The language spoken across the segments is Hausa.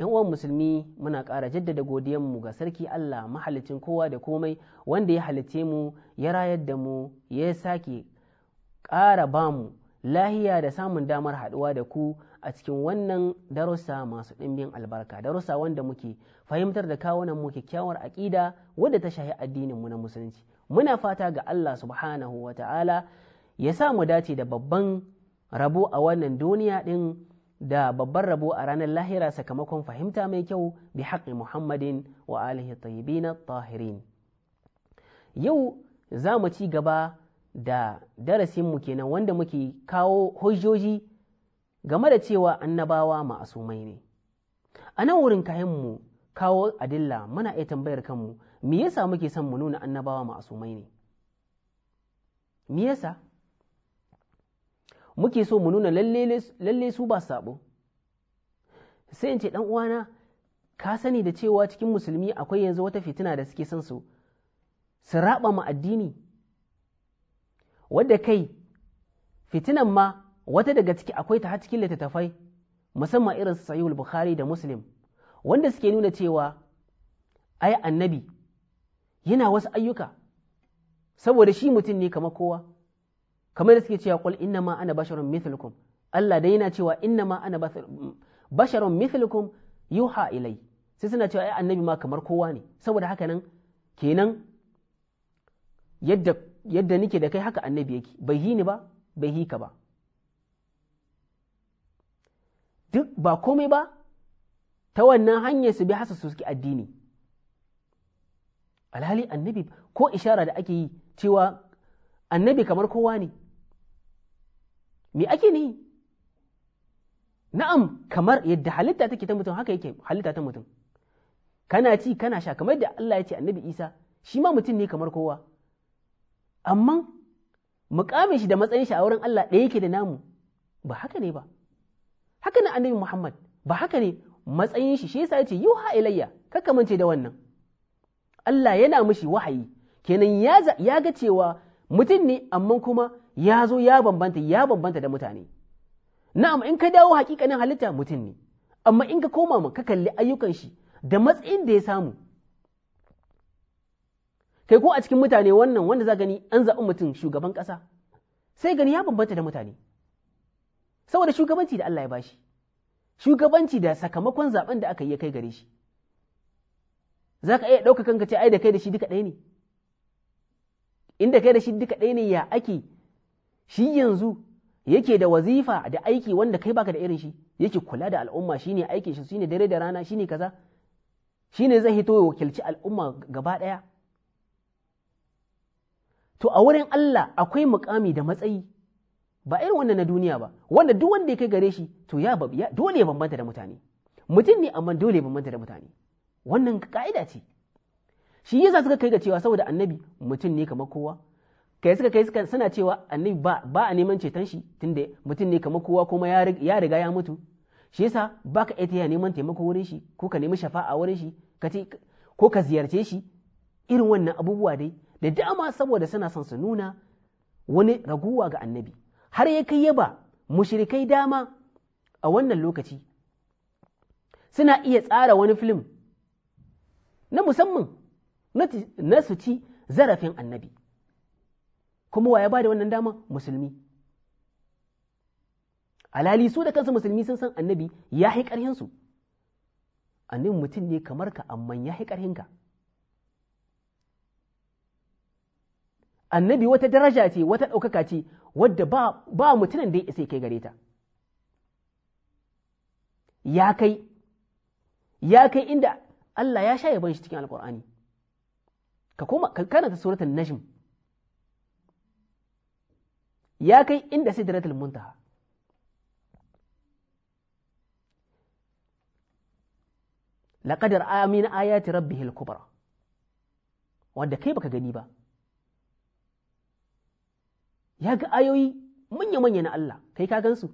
yan uwan musulmi muna kara jaddada mu ga sarki Allah mahalicin kowa da komai wanda ya halice mu ya rayar da mu ya sake ƙara bamu lahiya da samun damar haɗuwa da ku a cikin wannan darussa masu ɗimbin albarka darussa wanda muke fahimtar da kawunan mu kyakkyawar aƙida wadda ta shahi addinin mu na musulunci muna fata ga Allah subhanahu wa ta'ala ya sa mu dace da babban rabo a wannan duniya ɗin da babban rabo a ranar lahira sakamakon fahimta mai kyau bi haƙi muhammadin wa alihi tayyibina tahirin yau za mu ci gaba da darasinmu kenan wanda muke kawo hujjoji game da cewa annabawa ma'asumai ne a nan wurin kayanmu kawo adilla muna iya tambayar kanmu me yasa muke son mu nuna annabawa ma'asumai ne me yasa muke so mu nuna lalle su ba sabo sai in ce dan uwana ka sani da cewa cikin musulmi akwai yanzu wata fitina da suke son su su raba ma addini wadda kai fitinan ma wata daga ciki akwai ta cikin littattafai musamman irin su sahihul bukhari da muslim wanda suke nuna cewa ai annabi yana wasu ayyuka saboda shi mutum ne kamar kowa kamar da suke cewa kul inna ma ana basharun mithlukum Allah dai yana cewa inna ma ana basharun mithlukum yuha ilai sai suna cewa ai annabi ma kamar kowa ne saboda haka nan kenan yadda yadda nake da kai haka annabi yake bai hi ni ba bai hi ka ba duk ba komai ba ta wannan hanyar su bi hasa su suke addini alhali annabi ko ishara da ake yi cewa annabi kamar kowa ne me ake ne? na'am kamar yadda halitta take ta mutum haka yake halitta ta mutum kana ci kana sha kamar da Allah ya ce annabi Isa shi ma mutum ne kamar kowa amma mukamin shi da matsayin shi a wurin Allah ɗaya yake da namu ba haka ne ba haka na annabi Muhammad ba haka ne matsayin shi shi yasa ya ce yuha ilayya ce da wannan Allah yana mishi wahayi kenan ya ga cewa mutum ne amma kuma ya zo ya bambanta ya bambanta da mutane na'am in ka dawo hakikanin halitta mutum ne amma in ka koma mu ka kalli ayyukan shi da matsayin da ya samu kai ko a cikin mutane wannan wanda za gani an zaɓi mutum shugaban ƙasa sai gani ya bambanta da mutane saboda shugabanci da Allah ya bashi shugabanci da sakamakon zaben da aka yi kai gare shi za ka iya ɗauka ka ce ai da kai da shi duka ɗaya ne inda kai da shi duka ɗaya ne ya ake shi yanzu yake da wazifa da aiki wanda kai baka da irin shi yake kula da al'umma shine aikin shi shine dare da rana shine kaza shine zai hito ya wakilci al'umma gaba ɗaya to a wurin Allah akwai mukami da matsayi ba irin wannan na duniya ba wanda duk wanda ya kai gare shi to ya dole ya bambanta da mutane mutum ne amma dole ya bambanta da mutane wannan ka'ida ce shi yasa suka kai ga cewa saboda annabi mutum ne kamar kowa kai suka kai suka suna cewa annabi ba ba a neman ceton shi tunda mutum ne kamar kowa kuma ya riga ya mutu shi yasa baka ita ya neman taimako wurin shi ko ka nemi shafa'a wurin shi ka ce ko ka ziyarce shi irin wannan abubuwa dai da dama saboda suna son su nuna wani raguwa ga annabi har ya kai yaba mushrikai dama a wannan lokaci suna iya tsara wani film na musamman na su ci zarafin annabi kuma wa ya ba da wannan dama musulmi alali su da kansu musulmi sun san annabi ya yi ƙarhinsu annabi mutum ne kamar ka Amman ya yi ƙarhinka annabi wata daraja ce wata ɗaukaka ce wadda ba mutumin da ya isa kai gare ta ya kai ya kai inda Allah ya sha yaban shi cikin alkur'ani ka koma ka karanta suratul najm ya kai inda sidratul muntaha laqadar amin ayati rabbihil kubra wanda kai baka gani ba ya ga ayoyi manya-manya na Allah kai ka gansu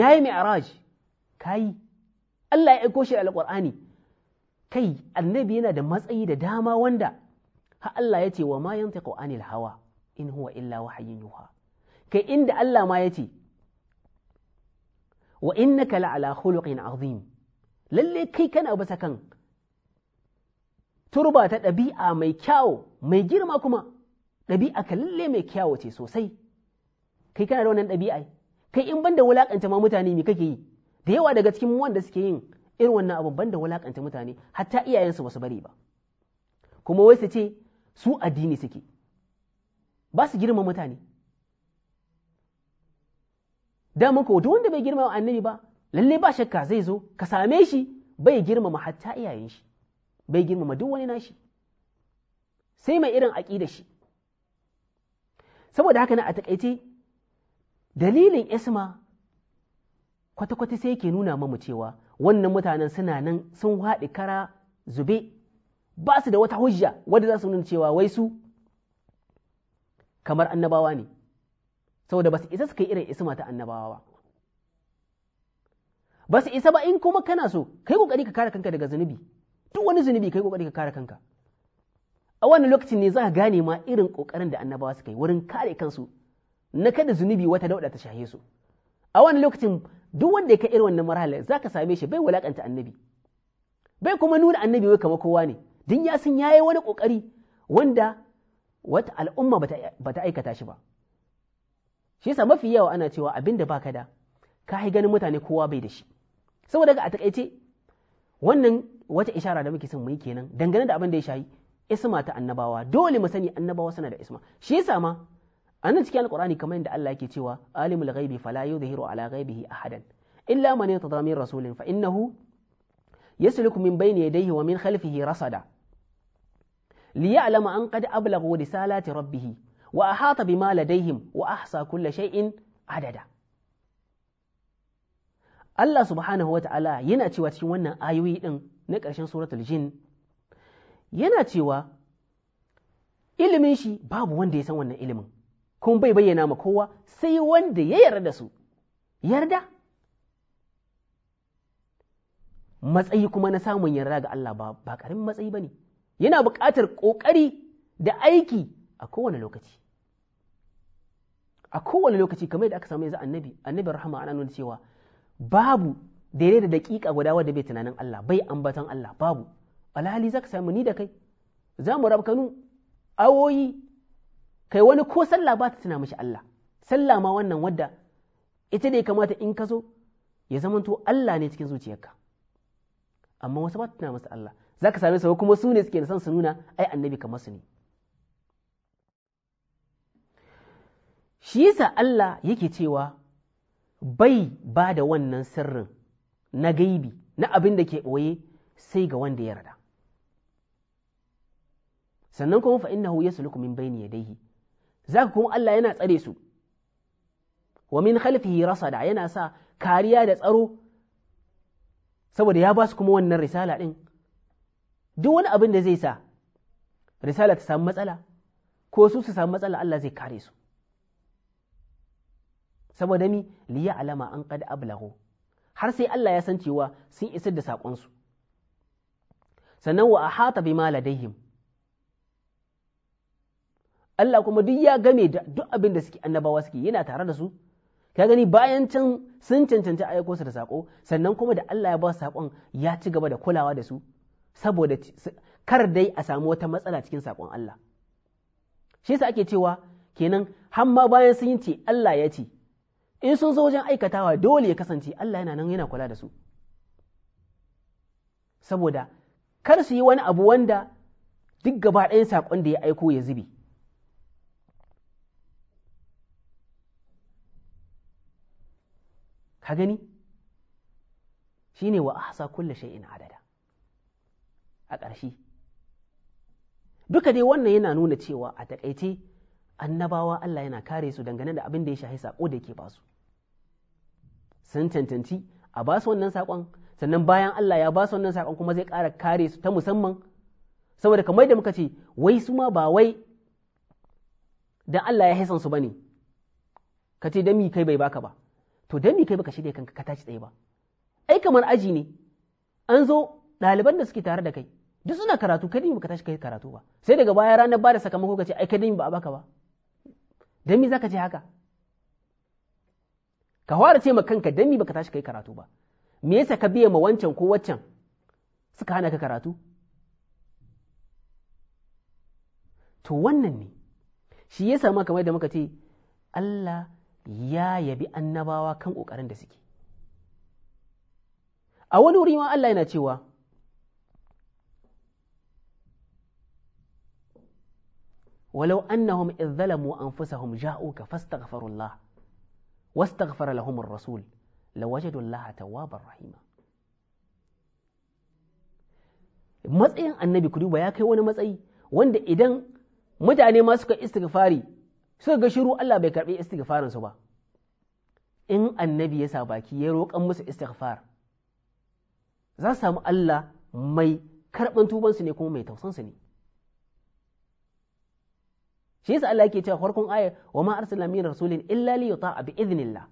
ya yi mi'raj ka Allah ya aiko shi alƙur'ani kai annabi yana da matsayi da dama wanda ha Allah ya ce wa ma yantaqu anil hawa in huwa illa wahayin yuha kai inda Allah ma ya ce wa kala la'ala khuluqin azim lalle kai kana bisa kan turba ta ɗabi'a mai kyawo mai girma kuma ɗabi'a ka lalle mai kyawo ce sosai kai kana da wannan ɗabi'a kai in banda wulakanta ma mutane me kake yi da yawa daga cikin wanda suke yin irin wannan abun banda wulakanta mutane hatta iyayensu ba su bari ba kuma wai su ce su addini suke ba su girma mutane Daman ko duk wanda bai girma annabi ba lalle ba shakka zai zo ka same shi bai girmama hatta iyayen shi bai girmama duk wani nashi sai mai irin aƙi da shi saboda haka na a taƙaice, dalilin isma kwata-kwata sai ke nuna mamu cewa wannan mutanen suna nan sun haɗi kara zube ba su da wata hujja wadda za su nuna cewa wai su kamar annabawa ne saboda ba su isa suka yi irin isma ta annabawa ba ba su isa ba in kuma kana so kai kokari ka kare kanka daga zunubi duk wani zunubi kai kokari ka kare kanka a wannan lokacin ne za ka gane ma irin kokarin da annabawa suka yi wurin kare kansu na kada zunubi wata dauda ta shahe su a wannan lokacin duk wanda ya kai irin wannan marhala za ka same shi bai wulakanta annabi bai kuma nuna annabi wai kamar kowa ne din ya san yayi wani kokari wanda wata al'umma ba ta aikata shi ba shi yasa mafi yawa ana cewa abin da baka da ka yi ganin mutane kowa bai da shi saboda ga a takaice wannan wata ishara da muke son mu yi kenan dangane da abin da ya shayi isma ta annabawa dole mu sani annabawa suna da isma shi yasa ma nan cikin Alƙurani kamar yadda Allah yake cewa alimul ghaibi fala yudhiru ala ghaibihi ahadan illa man yatadha min rasulin fa innahu yasluku min bayni yadayhi wa min khalfihi rasada liya'lama an qad ablaghu risalati rabbih wa ahata bima ladaihim wa ahsa kulla shay'in adada Allah subhanahu wa ta'ala yana cewa cikin wannan ayoyi din na ƙarshen suratul jin yana cewa ilimin shi babu wanda ya san wannan ilimin kuma bai bayyana ma kowa sai wanda ya yarda da su yarda matsayi kuma na samun yarda ga Allah ba ƙaramin matsayi ba ne yana buƙatar ƙoƙari da aiki a kowane lokaci a kowane lokaci kamar yadda aka samu yanzu annabi annabi rahama ana nuna cewa babu daidai da daƙiƙa guda wadda bai tunanin Allah bai ambaton Allah babu alhali zaka samu ni da kai za mu kanu, awoyi kai wani ko sallah ba ta tuna mishi Allah sallah ma wannan wadda ita ne kamata in ka zo ya zamanto Allah ne cikin zuciyarka amma wasu ba ta tuna masa Allah za ka same su kuma su ne suke da son su nuna ai annabi kamar su ne shi yasa Allah yake cewa bai ba da wannan sirrin na gaibi na abin da ke ɓoye sai ga wanda ya rada sannan kuma fa innahu yasluku min bayni Za zaka kuma Allah yana tsare su wa min khalfihi rasada yana sa kariya da tsaro saboda ya ba su kuma wannan risala din duk wani abin da zai sa risala ta samu matsala ko su su samu matsala Allah zai kare su saboda mi liya alama an kad ablahu har sai Allah ya san cewa sun isar da saƙonsu sannan wa ahata bima ladaihim Allah kuma duk ya game da duk abin da suke annabawa suke yana tare da su ka gani bayan can sun cancanci aiko da saƙo sannan kuma da Allah ya ba su saƙon ya ci gaba da kulawa da su saboda kar dai a samu wata matsala cikin saƙon Allah shi yasa ake cewa kenan har ma bayan sun yi ce Allah ya ce in sun zo wajen aikatawa dole ya kasance Allah yana nan yana kula da su saboda kar su yi wani abu wanda duk gaba ɗayan saƙon da ya aiko ya zubi ka gani Shi ne wa ahsa kulle shay'in adada a ƙarshe duka dai wannan yana nuna cewa a taƙaice annabawa Allah yana kare su dangane da abin da ya shahi saƙo da yake basu sun cancanci a ba su wannan saƙon sannan bayan Allah ya ba wannan saƙon kuma zai ƙara kare su ta musamman saboda kamar da muka ce wai su ma ba wai dan Allah ya haisan su bane ka ce dami kai bai baka ba to dami kai baka shirya kanka ka tashi tsaye ba ai kamar aji ne an zo ɗaliban da suke tare da kai duk suna karatu kadimi baka tashi kai karatu ba sai daga baya ranar ba da sakamako ka ce ai kadimi ba a baka ba dan me zaka ce haka ka fara ce ma kanka dan me baka tashi kai karatu ba me yasa ka biya ma wancan ko waccan suka hana ka karatu to wannan ne shi ya sama kamar da muka ce Allah ya yabi annabawa kan ƙoƙarin da suke a wani wuri ma Allah yana cewa walau annahum idh zalamu anfusahum ja'uka fastaghfirullah wastaghfara lahum ar-rasul lawajadu Allah tawwabar rahima matsayin annabi ku duba ya kai wani matsayi wanda idan mutane ma suka istighfari suka ga shiru Allah bai karbi istighfarin su ba in annabi ya sa baki ya roƙan musu istighfar za su samu Allah mai karɓan tubansu ne kuma mai tausansu ne shi yasa Allah yake cewa farkon aya wa ma arsala min rasulin illa li yuta'a bi idnillah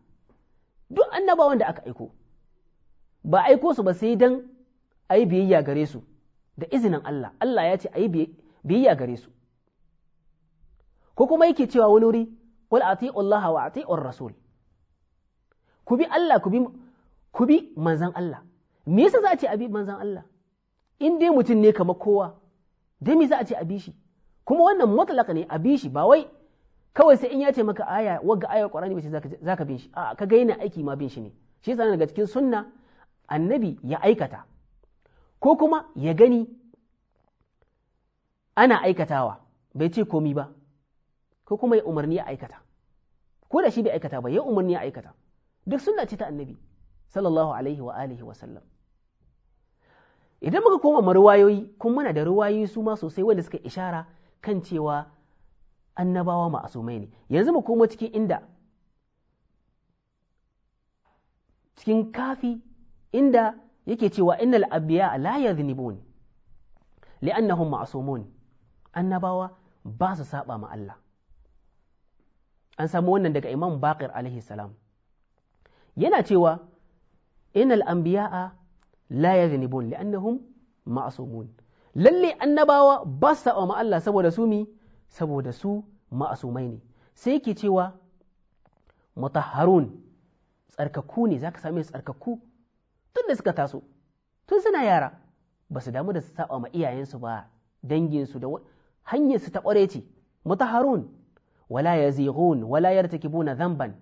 duk annabawan da aka aiko ba aiko su ba sai dan ayi biyayya gare su da izinin Allah Allah ya ce ayi biyayya gare su ko kuma yake cewa wani wuri qul ati'u Allah wa ati'u rasul ku bi Allah ku bi ku bi manzon Allah me yasa za a ce abi manzon Allah in dai mutum ne kamar kowa dai me za a ce abi shi kuma wannan mutlaka ne a bishi ba wai kawai sai in ya ce maka aya wagga aya Qur'ani bace zaka bin shi a ka ga yana aiki ma bin shi ne shi yasa daga cikin sunna annabi ya aikata ko kuma ya gani ana aikatawa bai ce komi ba ko kuma ya umarni ya aikata ko da shi bai aikata ba ya umarni ya aikata duk sunna ce ta annabi sallallahu alaihi wa alihi wa sallam idan muka koma ruwayoyi kuma muna da ruwayoyi su ma sosai wanda suka ishara kan cewa annabawa ma'asumai ne yanzu mu koma cikin inda cikin kafi inda yake cewa innal abiya la yadhnibun li'annahum ma'sumun annabawa ba su saba ma Allah an samu wannan daga Imam Baqir alaihi salam yana cewa innal anbiya'a la yadhnibun li'annahum ma'sumun lalle annabawa ba su saba ma Allah saboda su mi saboda su ma'asumai ne sai yake cewa mutaharun, tsarkaku ne zaka same su tsarkaku tun da suka taso tun suna yara ba su damu da su saba ma iyayensu ba danginsu da hanyar su ta kware ce mutahharun wala yazighun wala buna dhanban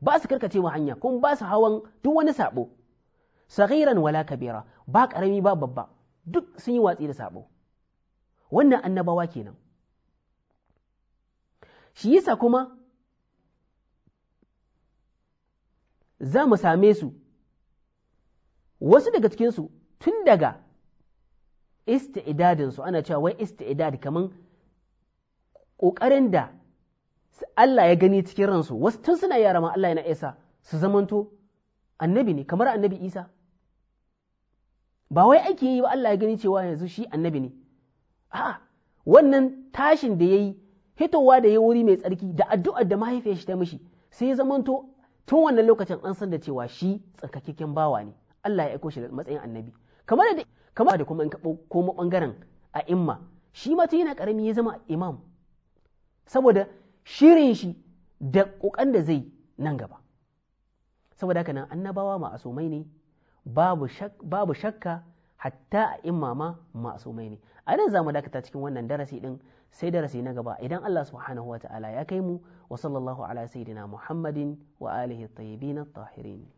ba su karkace wa hanya kuma ba su hawan duk wani sabo saghiran wala kabira ba karami ba babba duk sun yi watsi da sabo wannan annabawa kenan shi yasa kuma za mu same su wasu daga cikinsu tun daga su ana cewa wai isti'idad kaman ƙoƙarin da Allah ya gani cikin ransu wasu tun suna yara ma Allah yana isa su zamanto annabi ne kamar annabi Isa ba wai ake yi ba Allah ya gani cewa yanzu shi annabi ne a'a wannan tashin da ya yi hitowa da ya wuri mai tsarki da addu'ar da mahaifiyar shi ta mishi sai ya zamanto tun wannan lokacin an san da cewa shi tsarkakakken bawa ne Allah ya aiko shi da matsayin annabi kamar da kamar da kuma in ka komo bangaren a imma shi ma yana karami ya zama imam saboda shirin shi da kokan da zai nan gaba saboda haka nan annabawa ma asomai ne babu shakka hatta a imama masumai ne a nan za mu dakata cikin wannan darasi din sai darasi na gaba idan Allah subhanahu wa ta'ala ya kai mu wa sallallahu ala sayyidina muhammadin wa alihi tayyibin tahirin